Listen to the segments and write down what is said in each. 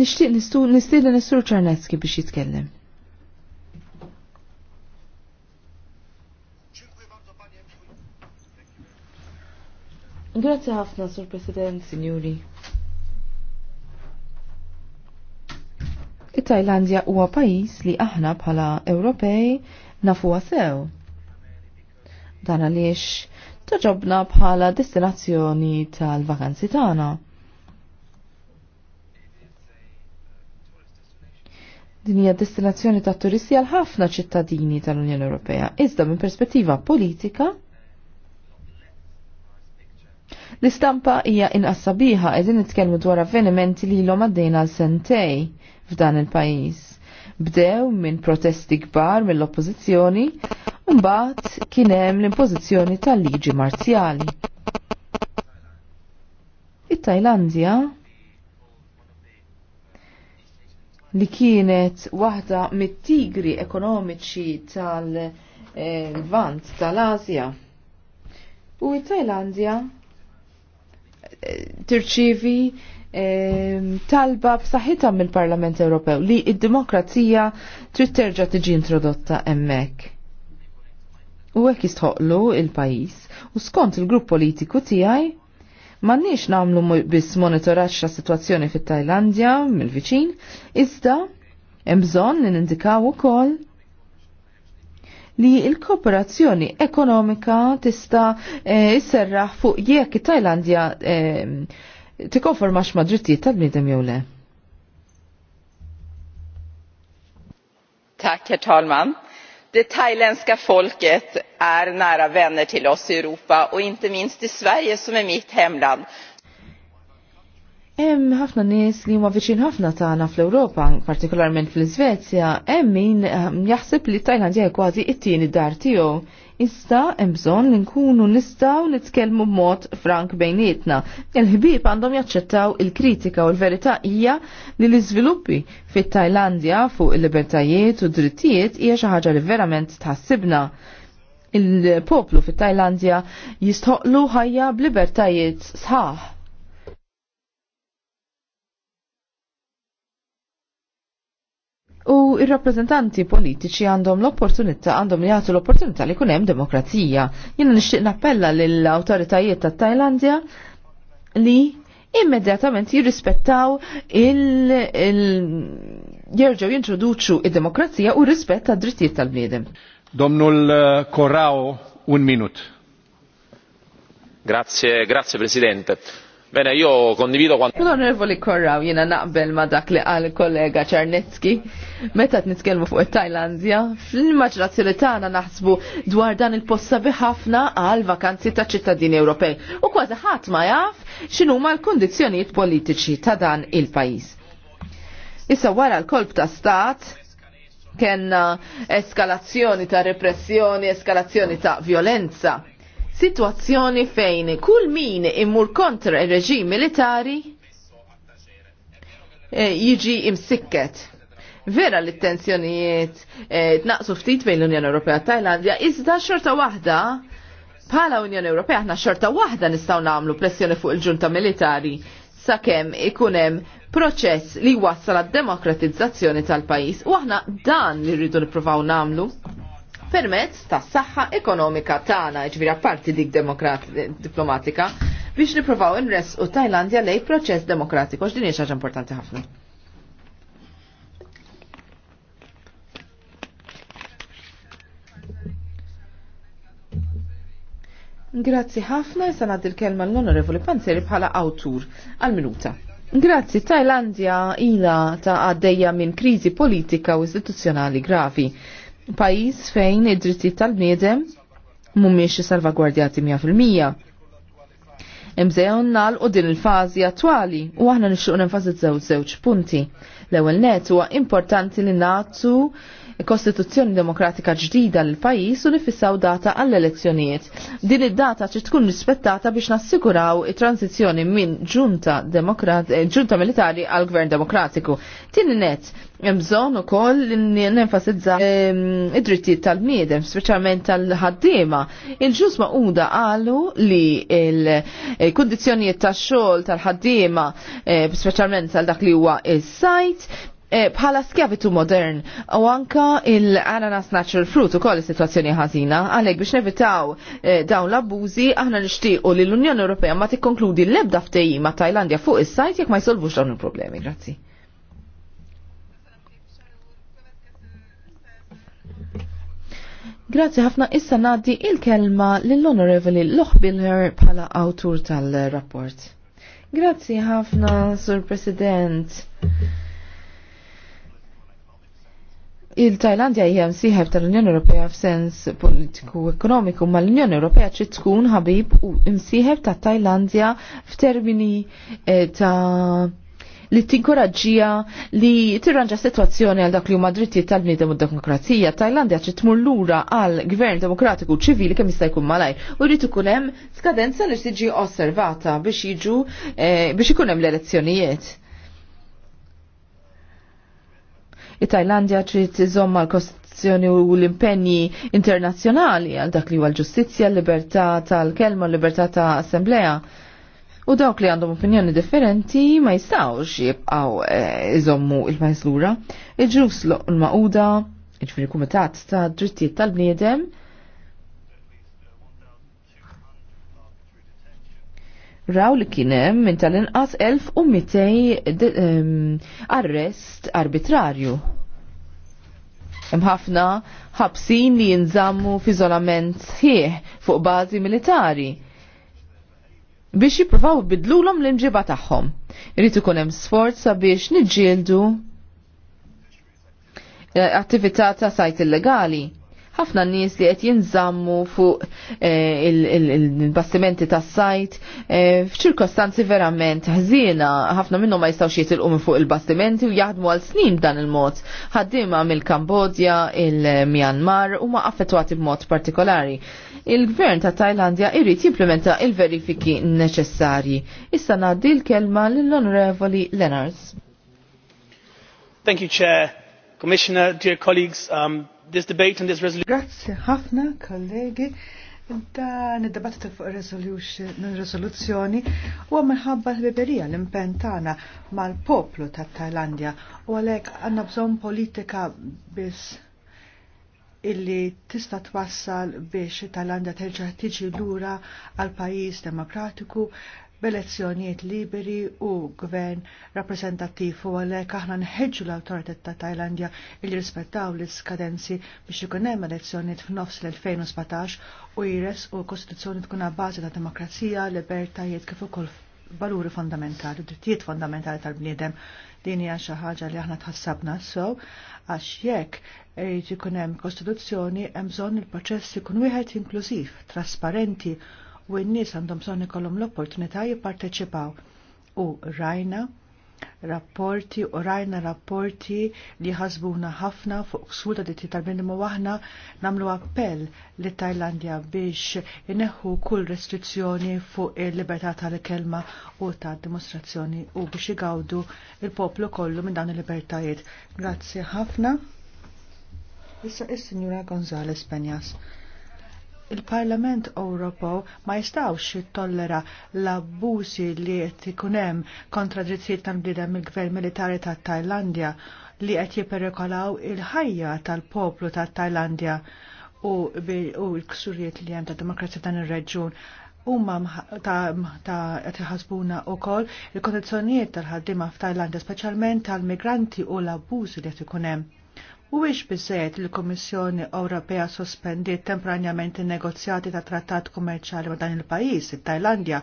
Nishtiq nistiedna nistur ċarnetski biex jitkellem. Grazzi ħafna, Sur President, Signori. it-Tajlandja huwa pajjiż li aħna bħala Ewropej nafuha sew. Dan għaliex toġobna bħala destinazzjoni tal-vakanzi tagħna. Din hija destinazzjoni ta' turisti għal ħafna ċittadini tal-Unjoni Ewropea. Iżda minn perspettiva politika, L-istampa hija inqas qegħdin nitkellmu dwar avvenimenti li l-hom għaddejna għal sentej f'dan il-pajjiż. Bdew minn protesti kbar mill-oppożizzjoni u mbagħad kien hemm l-impożizzjoni tal-liġi marzjali. It-Tajlandja li kienet waħda mit-tigri ekonomiċi tal-Vant tal azja U it-Tajlandja eh, tirċivi eh, talba b'saħħitha mill-Parlament Ewropew li id-demokrazija trid terġa' tiġi introdotta hemmhekk. U hekk jistħoqlu il-pajjiż u skont il-grupp politiku tiegħi Mannix namlu biss monitoraċ la situazzjoni fit tajlandja mill-viċin, iżda hemm bżonn li nindikaw ukoll li il-kooperazzjoni ekonomika tista' e, fuq jekk it-Tajlandja e, eh, tikkonformax ma' drittijiet tal-bniedem jew le. Tak, herr talman det thailändska folket är nära vänner till oss i europa och inte minst i sverige som är mitt hemland. Hemm ħafna nies li huma viċin ħafna tagħna fl-Ewropa, partikolarment fl-Iżvezja, hemm min ehm, jaħseb li Tajlandja hija kważi t-tieni dar tiegħu. Issa hemm bżonn li nkunu nistgħu nitkellmu b'mod frank bejnietna. Il-ħbieb għandhom jaċċettaw il-kritika u l-verità hija li l-iżviluppi fit-Tajlandja fuq il-libertajiet u drittijiet hija xi ħaġa li verament tħassibna il-poplu fit-Tajlandja jistħoqlu ħajja b'libertajiet sħaħ U il-rappresentanti politiċi għandhom l-opportunità, għandhom li jgħatu l-opportunità li kunem demokrazija. Jena nixtieq nappella l-autoritajiet ta' Tajlandja li immedjatament jirrispettaw il-, il jerġaw jintroduċu id-demokrazija u rispett ta' drittijiet tal-bniedem. Domnul Korrao, eh, un minut. Grazie, grazie Presidente. Bene, condivido kondivido Non Kun onorevoli korraw, jina naqbel ma dak li għal kollega Czarnecki, meta t-nitkelmu fuq il-Tajlandja, fl-immaġrazzjoni tagħna naħsbu dwar dan il-posta ħafna għal vakanzi ta' ċittadini Ewropej. U kważi ħadd ma jaf x'inhuma l-kundizzjonijiet politiċi ta' dan il-pajjiż. Issa wara l-kolb ta' stat, kenna eskalazzjoni ta' repressjoni, eskalazzjoni ta' violenza situazzjoni fejn kull min immur kontra il-reġim militari eh, jiġi imsikket. Vera li t-tensjonijiet eh, tnaqsu ftit bejn l-Unjoni Ewropea Tajlandja, iżda xorta waħda bħala Unjoni Ewropea aħna xorta waħda nistgħu nagħmlu pressjoni fuq il-ġunta militari sakemm ikun hemm proċess li wassal għad-demokratizzazzjoni tal-pajjiż u aħna dan li rridu nippruvaw nagħmlu permezz ta' saħħa ekonomika tagħna, ġifieri apparti dik diplomatika, biex nipprovaw inres u Tajlandja lej proċess demokratiku x'din hija importanti ħafna. Grazzi ħafna jisa naddi il kelma l-onorevoli Panzeri bħala autur għal-minuta. Grazzi, Tajlandja ila ta' għaddeja minn krizi politika u istituzzjonali gravi pajis fejn id-drittijiet tal-bniedem mumiex salvagwardjati 100%. Imżejon nal u din il-fazi attwali u aħna nixxuq nenfazizzaw żewġ punti. L-ewwel net huwa importanti li nagħtu kostituzzjoni demokratika ġdida l pajis u nifissaw data għall-elezzjonijiet. Din id-data ċi tkun rispettata biex nassiguraw it-tranzizjoni minn ġunta, eh, ġunta militari għal gvern demokratiku. Tin net, bżon u koll n-enfasizza ehm, id-drittijiet tal-miedem, specialment tal-ħaddima. Il-ġus ma'uda għalu li il-kondizjonijiet eh, tal-xol tal-ħaddima, eh, specialment tal-dak li huwa il-sajt, Eh, bħala skjavitu modern u anka il-ananas natural fruit u koll situazzjoni ħażina għalhekk biex nevitaw eh, dawn l-abbużi aħna nixtiequ li l-Unjoni Ewropea ma tikkonkludi l-ebda ftehim ma' Tajlandja fuq is-sajt jekk ma jsolvux dawn il-problemi. Grazzi. Grazzi ħafna issa ngħaddi il-kelma lill-Onorevoli Loħbilher bħala awtur tal-rapport. Grazzi ħafna, Sur President. Il-Tajlandja hija msieħeb tal-Unjoni Ewropea f'sens politiku ekonomiku, ma l-Unjoni Ewropea ċi tkun ħabib u msieħeb ta' Tajlandja f'termini eh, ta' li tinkoraġġija li tirranġa situazzjoni għal dak li huma drittijiet tal-bniedem u demokrazija. Tajlandja ċi tmur lura għal gvern demokratiku ċivili kemm jista' jkun malaj U jrid ikun hemm skadenza li tiġi osservata biex jiġu eh, biex ikun hemm l-elezzjonijiet it-Tajlandja trid iżomma l kostituzzjoni u l-impenji internazzjonali għal dak li huwa l-ġustizzja, l-libertà tal-kelma, l-libertà ta' assembleja. U dawk li għandhom opinjoni differenti ma jistawx jibqaw eh, iżommu il-majslura. Il-ġus l-maquda, il kumitat ta' drittijiet tal-bniedem, raw li kienem minn tal-inqas 1200 arrest arbitrarju. Hemm ħafna ħabsin li jinżammu f'iżolament sħiħ fuq bażi militari biex jippruvaw bidlulhom l-imġiba tagħhom. Irid ikun hemm sforz sabiex niġġieldu eh, attività ta' sajt illegali ħafna n nies li qed jinżammu fuq eh, il-bastimenti tas-sajt eh, f'ċirkostanzi verament ħżiena ħafna minnhom ma jistgħux jitilqu minn fuq il-bastimenti u jaħdmu għal snin b'dan il-mod. Ħaddiema mill-Kambodja, il-Myanmar huma affettwati b'mod partikolari. Il-gvern ta' Tajlandja irrid jimplementa il-verifiki neċessarji. Issa ngħaddi l-kelma lill-Onorevoli Lenars. Thank you, Chair. Commissioner, dear colleagues, um, this debate and this resolution. Grazie ħafna kollegi. Dan id-dibattitu fuq ir resoluzzjoni huwa minħabba l beberija l-impenn tagħna mal-poplu tat-Tajlandja u għalhekk għandna bżonn politika biss illi tista' twassal biex Tajlandja terġa' tiġi lura għal pajjiż demokratiku b'elezzjonijiet liberi u gvern rappresentattiv u għalhekk aħna nħeġġu l autoritet ta' Tajlandja li jirrispettaw l-iskadenzi biex ikun hemm elezzjonijiet f'nofs l-2017 u jires u kostituzzjoni tkun bażi ta' demokrazija, libertajiet kif ukoll valuri fondamentali, drittijiet fondamentali tal-bniedem din hija xi ħaġa li aħna tħassabna so għax jekk ikun hemm kostituzzjoni hemm bżonn il-proċess ikun wieħed inklużiv, trasparenti u n-nies għandhom bżonn ikollhom l-opportunità jipparteċipaw. U rajna rapporti u rajna rapporti li ħasbuna ħafna fuq ksur ta' ditti tal-minimu waħna namlu appell li Tajlandja biex ineħħu kull restrizzjoni fuq il-libertà tal-kelma u tal dimostrazzjoni u biex igawdu il-poplu kollu minn dawn il-libertajiet. Grazzi ħafna. Issa is-Sinjura Gonzales Penjas il-Parlament Ewropew ma jistawx jittollera l-abbużi li qed ikun hemm kontra drittijiet tal bliedem mill gvern Militari tat-Tajlandja li qed jipperikolaw il-ħajja tal-poplu tat-Tajlandja u l-ksurijiet li hemm tad-demokrazija dan ir-reġjun Huma ta' qed iħasbuna wkoll il kondizzjonijiet tal ħaddiema f'Tajlandja, speċjalment tal-migranti u l abbużi li qed ikun hemm. U biex bizzejt l-Komissjoni Ewropea sospendiet temporanjament il-negozjati ta' trattat kummerċali ma' dan il-pajis, il-Tajlandja,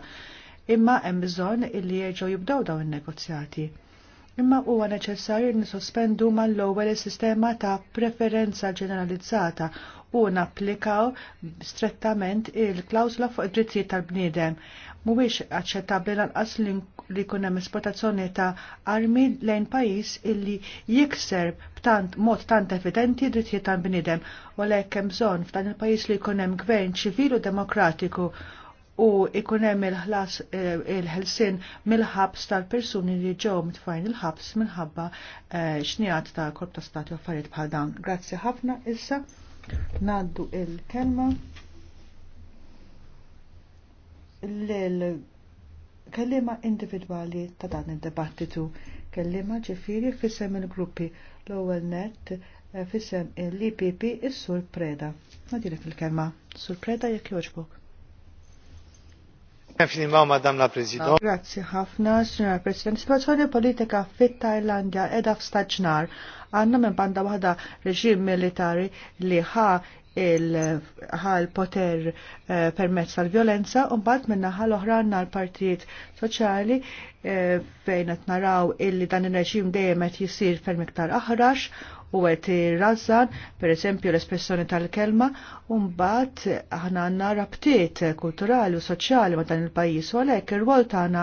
imma hemm bżonn illi jerġgħu jibdew dawn in-negozjati. Imma huwa neċessarju nisospendu mal-ewwel is-sistema ta' preferenza ġeneralizzata u napplikaw strettament il-klawsla fuq id-drittijiet tal-bniedem mhuwiex aċċettabbli lanqas li jkun hemm esportazzjoni ta' armi lejn pajjiż illi jikser b'tant mod tant evidenti drittijiet tan bnidem u għalhekk hemm bżonn f'dan il-pajjiż li jkun hemm gvern ċivilu demokratiku u ikun hemm il-ħlas eh, il-ħelsin mill-ħabs tal-persuni li ġew mitfajn il-ħabs minħabba eh, xnijat ta' korp ta' stati u affarijiet bħal dawn. Grazzi ħafna issa. Naddu il-kelma l-kellima individwali ta' dan id debattitu Kellima ġifiri fissem il-gruppi l-ewwel net eh, fissem l-IPP is-sur Preda. Ma Nadilek il-kelma. Sur Preda jekk joġbok. Grazie ħafna, signor President. Situazzjoni politika fit-Tajlandja edha f'staġnar għanna minn banda waħda reġim militari li ħa il-ħal poter eh, permezz tal-violenza, u mbagħad minna ħal oħra għandna l-partijiet soċjali eh, fejn qed naraw illi dan ir-reġim dejjem qed jisir ferm aħrax u għet razzan, per eżempju l-espressjoni tal-kelma, un-bat aħna għanna rabtiet kulturali u soċjali ma dan il-pajis u għalek ir-rwol tagħna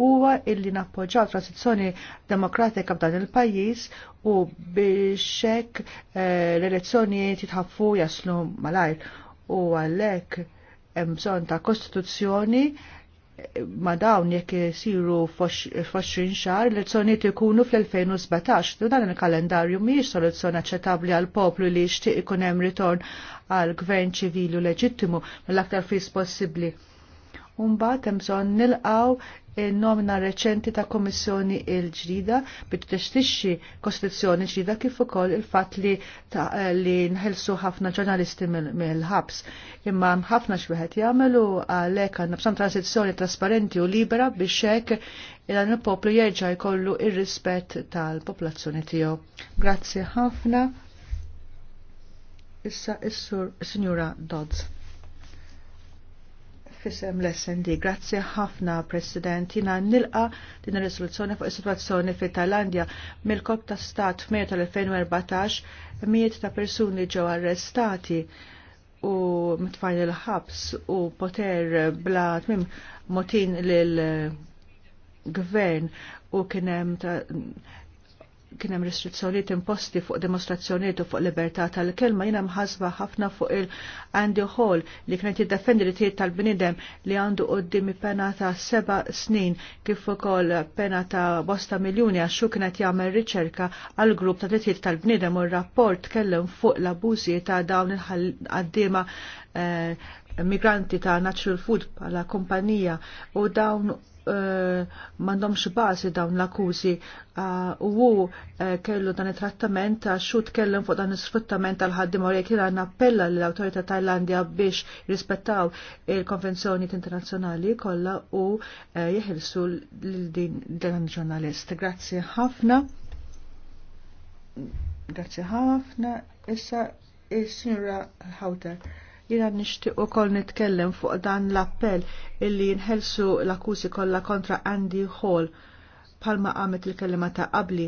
huwa illi nappoġġaw transizzjoni demokratika f'dan il-pajjiż u biex hekk eh, l-elezzjonijiet jitħaffu jaslu malajr u għalhekk hemm bżonn ta' kostituzzjoni ma dawn jekk isiru f'oxrin xahar l-elezzjonijiet ikunu fl-2017 u dan il-kalendarju mhijiex soluzzjoni aċċettabbli għal poplu li jixtieq ikun hemm ritorn għal gvern ċivili u leġittimu mill-aktar fis possibbli. Umbagħad hemm bżonn nilqgħu il-nomina reċenti ta' kommissjoni il-ġdida bit teċtixi kostituzzjoni ġdida kif ukoll il-fatt li li nħelsu ħafna ġurnalisti mill-ħabs. Imma ħafna xwieħed jagħmlu għalhekk għandna bżonn transizzjoni trasparenti u libera biex hekk il-għan il-poplu jieġa jkollu il rispett tal-popolazzjoni tiegħu. Grazzi ħafna. Issa is-sur signora Dodds. Fisem l-SND, grazzi ħafna President, jina nilqa din risoluzzjoni fuq is-sitwazzjoni fi tajlandja mill-kop ta' stat f'Mejju tal-2014 mijiet ta' persuni ġew arrestati u mitfajn il-ħabs u poter bla tmim motin lil gvern u kienem ta' kien hemm restrizzjonijiet imposti fuq dimostrazzjonijiet u fuq libertà tal-kelma jiena mħasba ħafna fuq il-Andy Hall li kienet jiddefendi li tiet tal-bnidem li għandu qoddimi pena ta' seba snin kif ukoll pena ta' bosta miljuni għax xu kienet jagħmel riċerka għal grupp ta' titjib tal-bnidem u r-rapport kellem fuq l-abużi ta' dawn il-ħaddiema eh, migranti ta' Natural Food bħala kumpanija u dawn uh, eh, mandomx bażi dawn l-akkużi eh, u uh, eh, hu kellu dan it-trattament ta' xut tkellem fuq dan il sfruttament tal-ħaddim u jekk appella l autorita Tajlandja biex rispettaw il-konvenzjoni internazzjonali kollha u jeħilsu lil din dan ġurnalist. Grazzi ħafna. Grazzi ħafna. Issa is signora Hauter. Jina nishtiq u kol nitkellem fuq dan l-appell illi nħelsu l-akkużi kollha kontra Andy Hall palma għamet il-kellima ta' qabli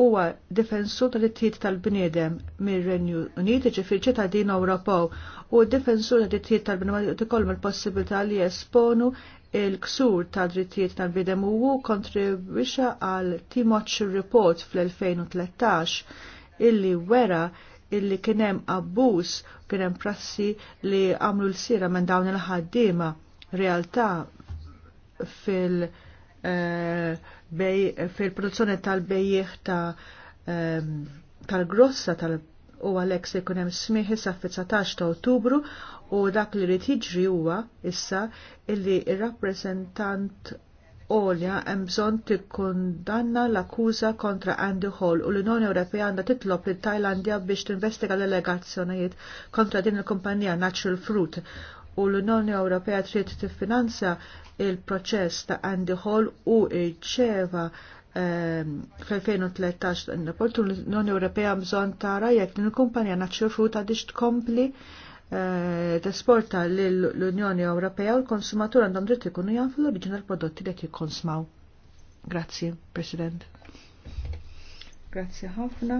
huwa difensur tal-ittijiet tal-bniedem mir-Renju Unit, ġifir ċittadin Ewropew, u difensur tal-ittijiet tal-bniedem ikollhom il-possibilità li jesponu il-ksur ta' drittijiet tal bnedem u kontribwixxa għal Timoch Report fl-2013 illi wera illi kienem abbuż kien prassi li għamlu l-sira minn dawn il-ħaddiema realtà fil- eh, fil-produzzjoni tal-bejjeħ ta' ehm, tal-grossa tal- u għalek se jkun hemm sa' issa f'19 ta' Ottubru u dak li rid jiġri huwa issa illi il-rappresentant Olja hemm bżonn tikkundanna l-akkuża kontra Andy Hall u l-Unjoni Ewropea għandha titlob lit Tajlandja biex tinvestiga l-allegazzjonijiet kontra din il-kumpanija Natural Fruit u l-Unjoni Ewropea trid tiffinanza il-proċess ta' Andy Hall u ċeva ehm, fl-2013 n-opportun l-Unjoni Ewropea bżonn tara jekk din il-kumpanija Natural Fruit għadix tkompli Eh, tesporta l-Unjoni Ewropea u l-konsumatur għandhom dritt ikunu jafu l-oriġin tal-prodotti li jikkonsmaw. Grazzi, President. Grazzi ħafna.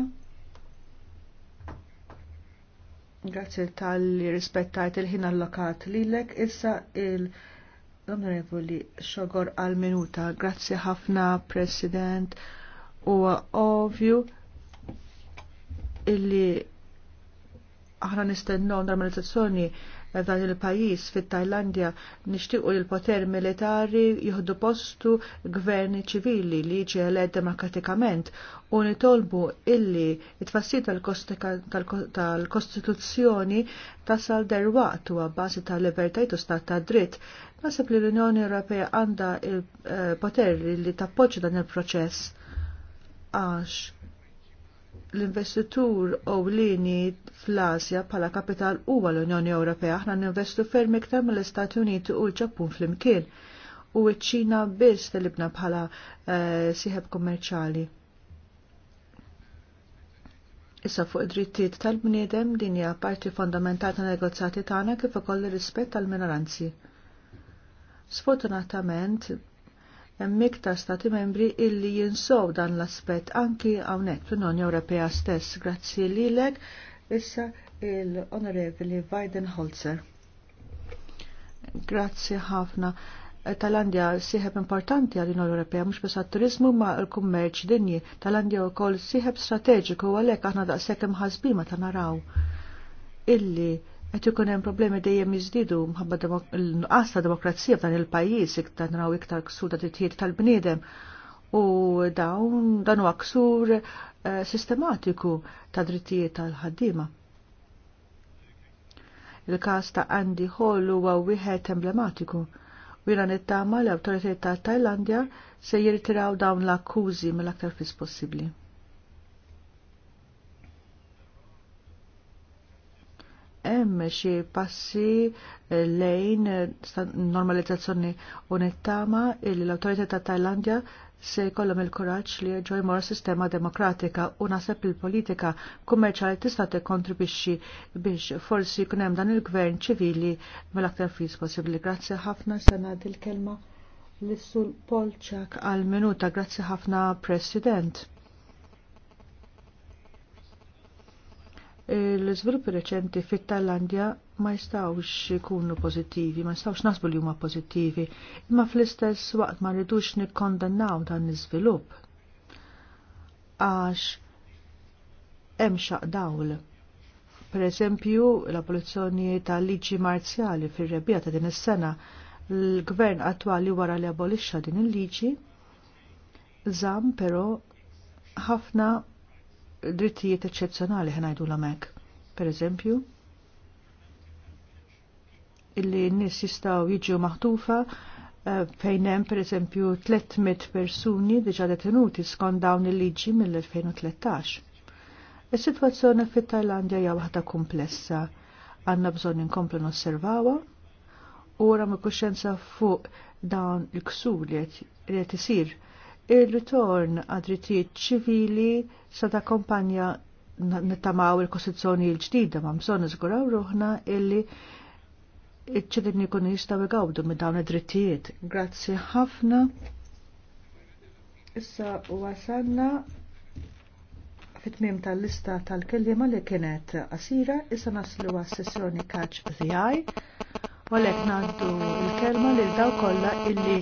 Grazzi tal-li rispettajt il-ħin allokat lilek. Issa L-Onorevoli Xogor għal-minuta. Grazzi ħafna, President. U ovvju illi aħna nistennu normalizzazzjoni f'dan il-pajis fit-Tajlandja nixtiequ l poter militari jieħdu postu gvern ċivili li jiġi eled demokratikament u nitolbu illi it-tfassil tal-Kostituzzjoni tasal derwaqt u għabbażi tal-libertajt u stat ta' dritt. Nasib li l-Unjoni Ewropea għandha il-poter eh, li tappoġġa dan il-proċess għax l-investitur ewlieni fl-Asja bħala kapital huwa l-Unjoni Ewropea aħna ninvestu ferm iktar mill-Istati Uniti u l-Ġappun flimkien u ċ-Ċina biss telibna bħala eh, siħeb kummerċali. Issa fuq id-drittijiet tal-bniedem din hija parti fondamentali ta' negozjati tagħna kif ukoll ir-rispett tal-minoranzi. Sfortunatament, hemm iktar stati membri illi jinsow dan l-aspett anki hawnhekk fl-Unjoni Ewropea stess. Grazzi lilek issa il-Onorevoli Holzer. Grazzi ħafna. Talandja siħeb importanti għal l-Unjoni Ewropea mhux biss turizmu ma l-kummerċ dinji. Talandja wkoll siħeb strateġiku għalhekk aħna daqshekk ħazbima ta' naraw illi Għet ikun hemm problemi dejjem jiżdiedu mħabba l-nuqqas ta' demokrazija f'dan il-pajjiż iktar naraw iktar ksur ta' titjiet tal-bniedem u dawn dan huwa ksur eh, sistematiku ta' drittijiet tal-ħaddiema. Il-każ ta' Andy Hall huwa wieħed emblematiku. Wira nittama l-awtoritajiet tal-Tajlandja se jirtiraw dawn l-akkużi mill-aktar fis possibbli. hemm xi passi lejn normalizzazzjoni unittama il l autorità ta' Tajlandja se jkollhom il-kuraġġ li jerġgħu jmorru sistema demokratika u naħseb il-politika kummerċjali tista' tikkontribwixxi biex forsi jkun hemm dan il-gvern ċivili mill-aktar fis possibbli. Grazzi ħafna sena dil kelma lis-sul Polċak għal minuta. Grazzi ħafna President. l-żviluppi reċenti fit-Tajlandja ma jistawx ikunu pozittivi, ma jistawx nasbu li huma pozittivi, imma fl-istess waqt ma rridux nikkondannaw dan l-iżvilupp. Għax hemm dawl. Per eżempju, l-abolizzjoni tal-liġi marzjali fir-rebija ta' din is-sena, l-gvern attwali wara li abolixxa din il-liġi, żamm però ħafna drittijiet eccezzjonali ħnajdu l-amek. Per eżempju, illi n-nis jistaw jiġu maħtufa eh, fejn hemm pereżempju 300 persuni diġà detenuti skont dawn il-liġi mill-2013. Is-sitwazzjoni fit-Tajlandja hija waħda komplessa. Għandna bżonn inkomplu nosservawha u wara ma' kuxjenza fuq dawn il-ksur li qed isir Il-ritorn għad-drittijiet ċivili sa ta' kompanja nittamaw il-kostituzzjoni l-ġdida ma' mżon iżguraw ruħna illi iċ-ċedini kun jistaw għawdu minn dawn id-drittijiet. Grazzi ħafna. Issa wasanna fit mim tal-lista tal-kellima li kienet asira, issa naslu għas-sessjoni kaċ DI, għalek naddu il-kelma li daw kolla illi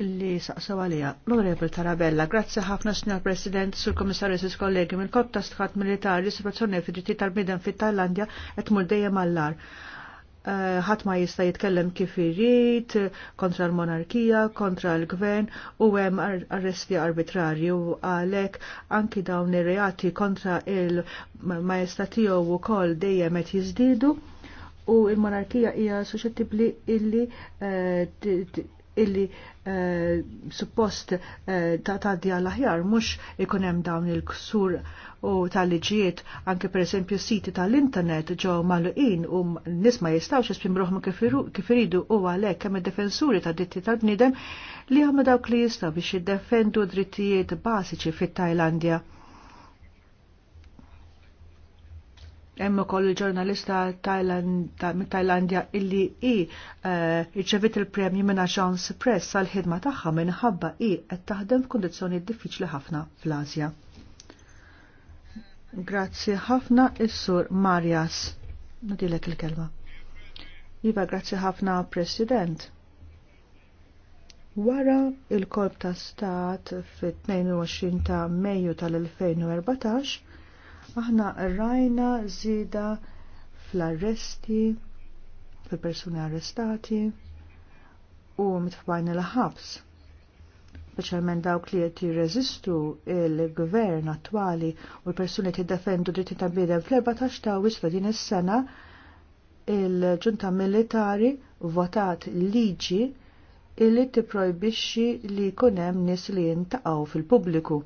li saqsaw għalija. L-Onorevole Tarabella, grazzi ħafna Sinjor President, Sur Komissarju Sis Kollegi, minn kop stħat militari, situazzjoni fid-dritti tal-bidem fit-Tajlandja qed mur dejjem għall-ar. Eh, ħadd ma jista' jitkellem kif irid kontra l-monarkija, kontra l-gvern u hemm arresti arbitrarju għalhekk anki dawn ir-reati kontra il majesta tiegħu wkoll dejjem qed jiżdiedu u il-monarkija hija suċettibbli illi eh, illi eh, suppost eh, ta' taddi għal aħjar mhux ikun hemm dawn il-ksur u tal-liġijiet anke pereżempju siti tal-internet ġew maluqin u nies ma jistgħux jisprimruhom kif iridu u għalek hemm id defensuri ta' dritti tal-bniedem li għamma dawk li jistgħu biex jiddefendu drittijiet bażiċi fit-Tajlandja hemm ukoll il-ġurnalista mit-Tajlandja illi i eh, irċevit il-premju minn Agence Press għal ħidma tagħha minħabba i qed taħdem f'kundizzjoni diffiċli ħafna fl-Asja. Grazzi ħafna is-sur Marjas. Nadilek il-kelma. Iva, grazzi ħafna President. Wara il-kolb ta' stat fit-22 ta' Mejju tal-2014, Aħna rajna zida fl-arresti, fil-persuni arrestati u mitfajna l-ħabs speċjalment dawk li qed jirreżistu il-gvern attwali u l-persuni qed jiddefendu dritti ta' bidem fl-14 ta' wisla din is-sena il-ġunta militari votat liġi illi tipprojbixxi li jkun hemm nies li jintaqgħu fil-pubbliku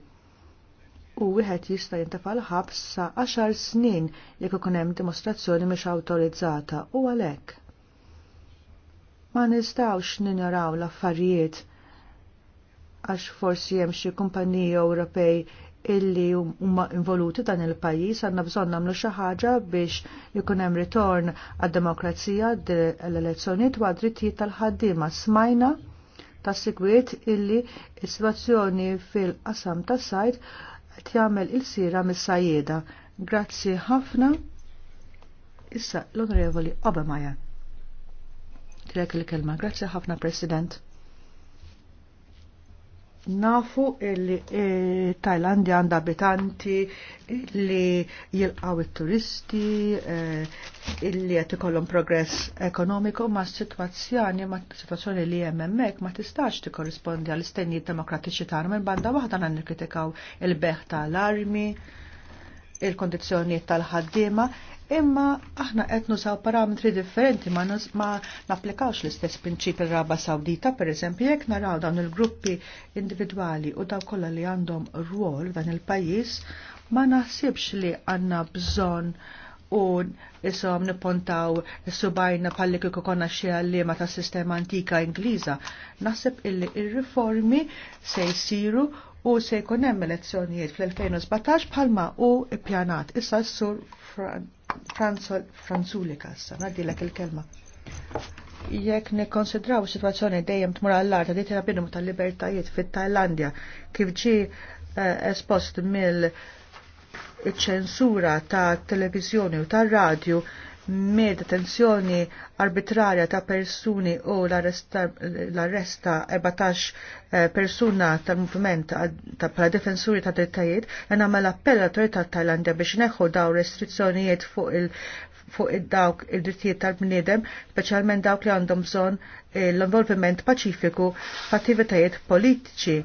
u wieħed jista' jintefal ħabs sa 10 snin jekk ikun hemm dimostrazzjoni mhix awtorizzata u għalhekk. Ma nistgħux ninjaraw l-affarijiet għax forsi hemm xi kumpaniji Ewropej illi huma involuti dan il-pajjiż għandna bżonn nagħmlu xi ħaġa biex jkun hemm ritorn għad-demokrazija l-elezzjonijiet u għad-drittijiet tal-ħaddiema smajna ta' sigwiet illi s-situazzjoni fil-qasam tas-sajt T jagħmel il-sira mis-sajjeda. Grazzi ħafna. Issa l-Onorevoli Obamaja. Tilek il-kelma. Grazzi ħafna, President. Nafu illi e, Tajlandi Tajlandja għanda abitanti li jilqaw il-turisti, e, illi għet ikollhom progress ekonomiku ma' situazzjoni ma' situazzjoni li jemmemmek ma' tistax ti korrispondi għal istennijiet demokratiċi tagħna minn banda waħda għan nikkritikaw il-beħ tal-armi, il kondizjoni tal-ħaddiema, imma aħna qed nusaw parametri differenti ma, ma napplikawx l-istess prinċip ir-Raba Sawdita, pereżempju jekk naraw dawn il-gruppi individwali u daw kollha li għandhom rwol dan il-pajjiż ma naħsibx li għandna bżonn u isom nipontaw subajna palli kiku konna xie għallima ta' sistema antika Ingliża. Naħseb illi il-riformi se jisiru u se jkun hemm elezzjonijiet fl-2017 bħalma u ippjanat issa s-sur Fran Franzol Franzulika issa, nadilek il-kelma. Jekk nikkonsidraw situazzjoni dejjem tmur all art di tira binu tal-libertajiet fit-Tajlandja kif ġi eh, espost mill ċensura ta' televizjoni u ta' radio me detenzjoni arbitrarja ta' persuni u l-arresta 14 eh, persuna tal-movement ta' pala defensuri ta' drittajiet, jena mal appell l-autorità Tajlandja biex neħu daw restrizzjonijiet fuq il fuq id-dawk id-drittijiet tal-bniedem, speċjalment dawk li għandhom bżonn l-involviment paċifiku f'attivitajiet politiċi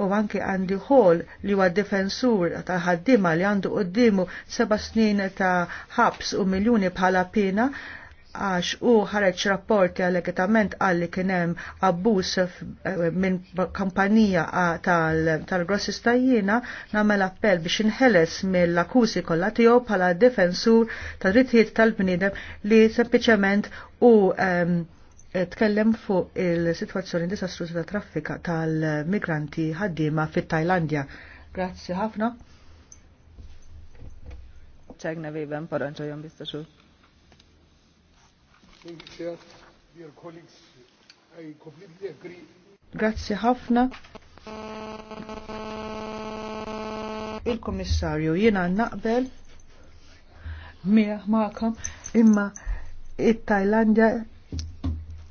u anke għandi ħol li huwa defensur ta' ħaddima li għandu qoddimu seba' snin ta' ħabs u miljuni bħala pina għax u ħareġ rapporti għal-ekitament għalli kienem abbus eh, minn kampanija tal-grossistajjina tal namel appell biex inħeles mill-akkusi kollha tiegħu bħala defensur tad-drittijiet tal-bniedem li sempliċement u um, tkellem fuq il-situazzjoni disastruża ta' traffika tal-migranti ħaddiema fit-Tajlandja. Grazzi ħafna. Ċegna viben poranċo jom bistaxu. Grazzi ħafna. Il-Komissarju Jina naqbel miħ magħkom imma it-Tajlandja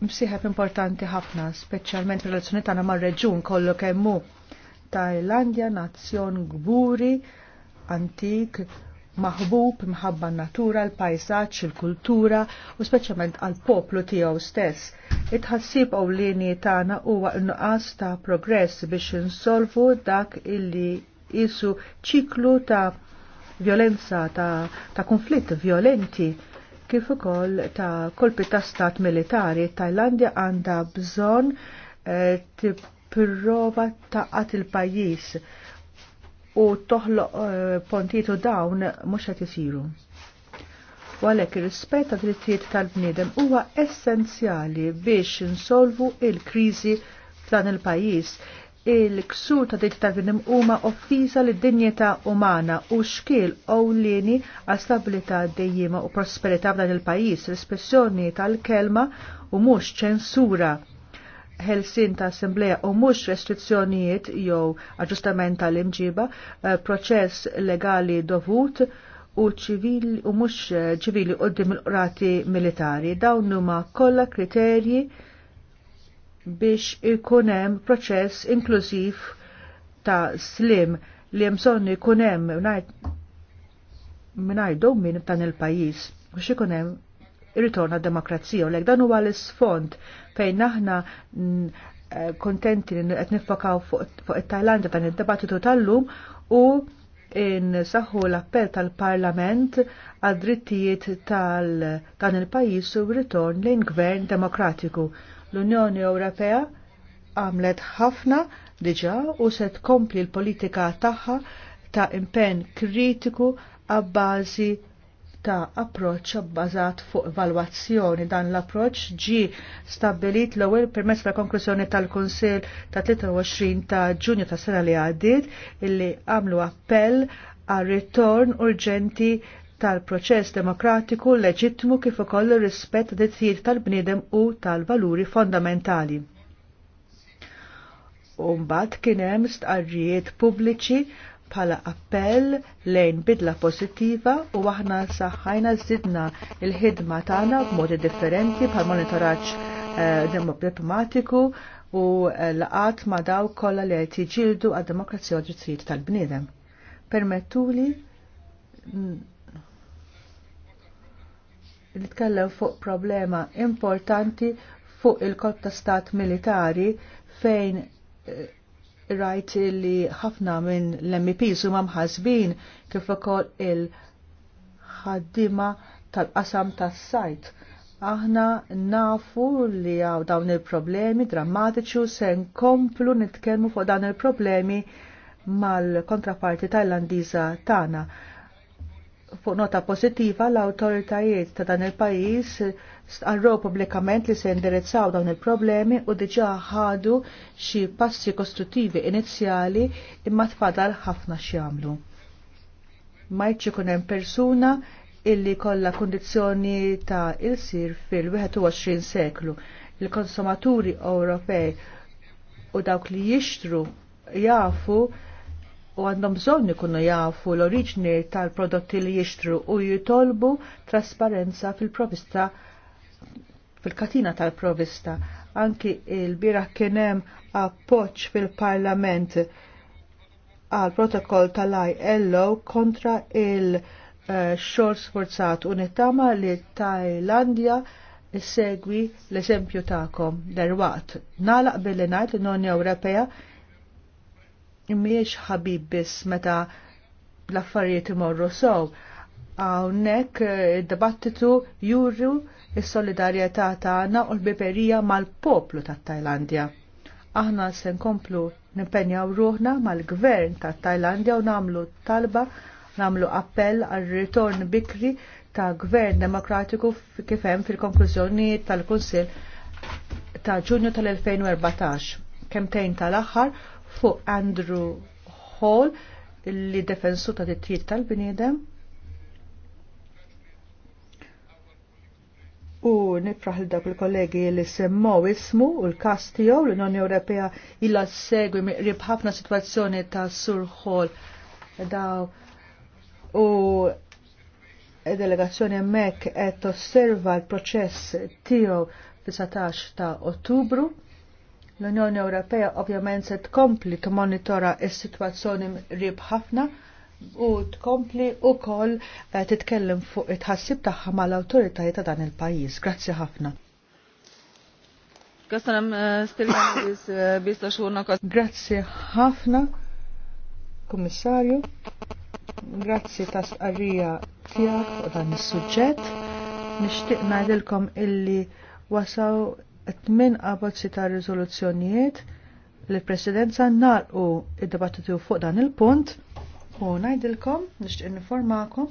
msieħeb importanti ħafna, speċjalment relazzjoni tagħna mar-reġjun kollu kemm hu. Tajlandja nazzjon gburi, antik, maħbub mħabba natura, l-pajsaċ, il-kultura u speċjalment għal poplu tiegħu stess. Itħassib u lini tagħna huwa nuqqas ta' progress biex insolvu dak illi isu ċiklu ta' violenza, ta', ta konflitt violenti kif ukoll ta' kolpi ta' stat militari, Tajlandja għandha bżonn eh, tipprova taqat il-pajjiż u toħloq eh, pontitu dawn mhux qed isiru. U għalhekk ir-rispett ta' drittijiet tal-bniedem huwa essenzjali biex insolvu il-kriżi f'dan il-pajjiż il-ksur ta' dit ta' bnidem huma offiża lid dinjeta umana u xkiel ewlieni għal stabilità dejjima u prosperità f'dan il-pajjiż, l-espressjoni tal-kelma u mhux ċensura ħelsin ta' assembleja u mhux restrizzjonijiet jew aġġustament tal-imġiba, eh, proċess legali dovut u ċivili u mhux ċivili qudiem il-qrati militari. Dawn huma kollha kriterji biex ikunem proċess inklusiv ta' slim li jemsonni kunem minajdu min ta' il-pajis u xikunem ritorna demokrazija u lek dan huwa l-sfond fejn aħna eh, kontenti li qed niffokaw fuq it tajlandja dan id-dibattitu tal-lum u nsaħħu l-appell tal-Parlament għad drittijiet tal dan il-pajis u ritorn lejn gvern demokratiku L-Unjoni Ewropea għamlet ħafna diġa u se tkompli l-politika tagħha ta' impenn kritiku għabbażi ta' approċċ bbażat fuq valwazzjoni. Dan l-approċċ ġi stabbilit l-ewwel permezz ta' konklużjoni tal-Kunsill ta' 23 ta' Ġunju ta' sena li għaddiet illi għamlu appell għal ritorn urġenti tal-proċess demokratiku leġittmu kif ukoll rispett dizzijiet tal-bniedem u tal-valuri fondamentali. Umbat kien hemm stqarrijiet pubbliċi bħala appell lejn bidla pozittiva u aħna saħħajna żidna il-ħidma tagħna b'modi differenti bħal monitoraġġ eh, diplomatiku u eh, laqat ma daw kollha li qed jiġildu għad-demokrazija u tal-bniedem. Permettuli nitkellem fuq problema importanti fuq il-kop ta' stat militari fejn eh, rajt li ħafna minn l-MPs huma mħasbin kif ukoll il-ħaddima tal-qasam tas-sajt. Aħna nafu li għaw dawn il-problemi drammatiċu se nkomplu nitkellmu fuq dawn il-problemi mal-kontraparti tajlandiża tagħna Fuq nota pozittiva l-autoritajiet ta' dan il-pajis għarrow publikament li se jindirizzaw dawn il-problemi u diġa ħadu xi passi kostruttivi inizjali imma tfadal ħafna x'jagħmlu. Ma ikun hemm persuna illi kollha kundizzjoni ta' il-sir fil-21 seklu. Il-konsumaturi Ewropej u dawk li jixtru jafu u għandhom bżonn ikunu jafu l-oriġni tal-prodotti li jixtru u jitolbu trasparenza fil-provista fil-katina tal-provista. Anki il-bira kienem appoċ fil-parlament għal protokoll tal ello kontra il-xor eh, sforzat unittama li Tajlandja segwi l-eżempju ta'kom Derwat, Nalaq billi najt l-Unjoni Ewropea miex ħabib biss meta l-affarijiet imorru sow. Hawnhekk eh, id-dibattitu juru is-solidarjetà tagħna u l biperija mal-poplu tat-Tajlandja. Aħna se nkomplu nimpenjaw ruħna mal-gvern tat-Tajlandja u nagħmlu talba nagħmlu appell għal ritorn bikri ta' gvern demokratiku kif hemm fil-konklużjonijiet tal-Kunsill ta' Ġunju tal-2014 kemtejn tal-aħħar fuq Andrew Hall li defensu ta' dittijiet tal-bniedem u nifraħ il dak il-kollegi li semmow ismu u l-kas tiegħu l-Unjoni Ewropea illa segwi ribħafna ħafna sitwazzjoni ta' Sur Hall daw u delegazzjoni Mek qed osserva l-proċess tiegħu 19 ta' Ottubru L-Unjoni Ewropea ovvjament se tkompli tmonitora s-sitwazzjoni rib ħafna u tkompli u koll eh, titkellem fuq it-ħassib tagħha mal-awtoritajiet ta' dan il-pajjiż. Grazzi ħafna. Köszönöm eh, Stilmanis eh, biztos ħafna, kommissarju. Grazzi ta' sqarrija tiegħek u dan is-suġġett. Nixtieq ngħidilkom illi wasaw tmin abbozzi ta' riżoluzzjonijiet li l presidenza nalqu id-dibattitu fuq dan il-punt u ngħidilkom nixtieq informakom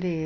li